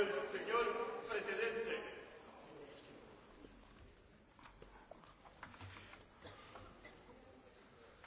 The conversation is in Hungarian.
el Señor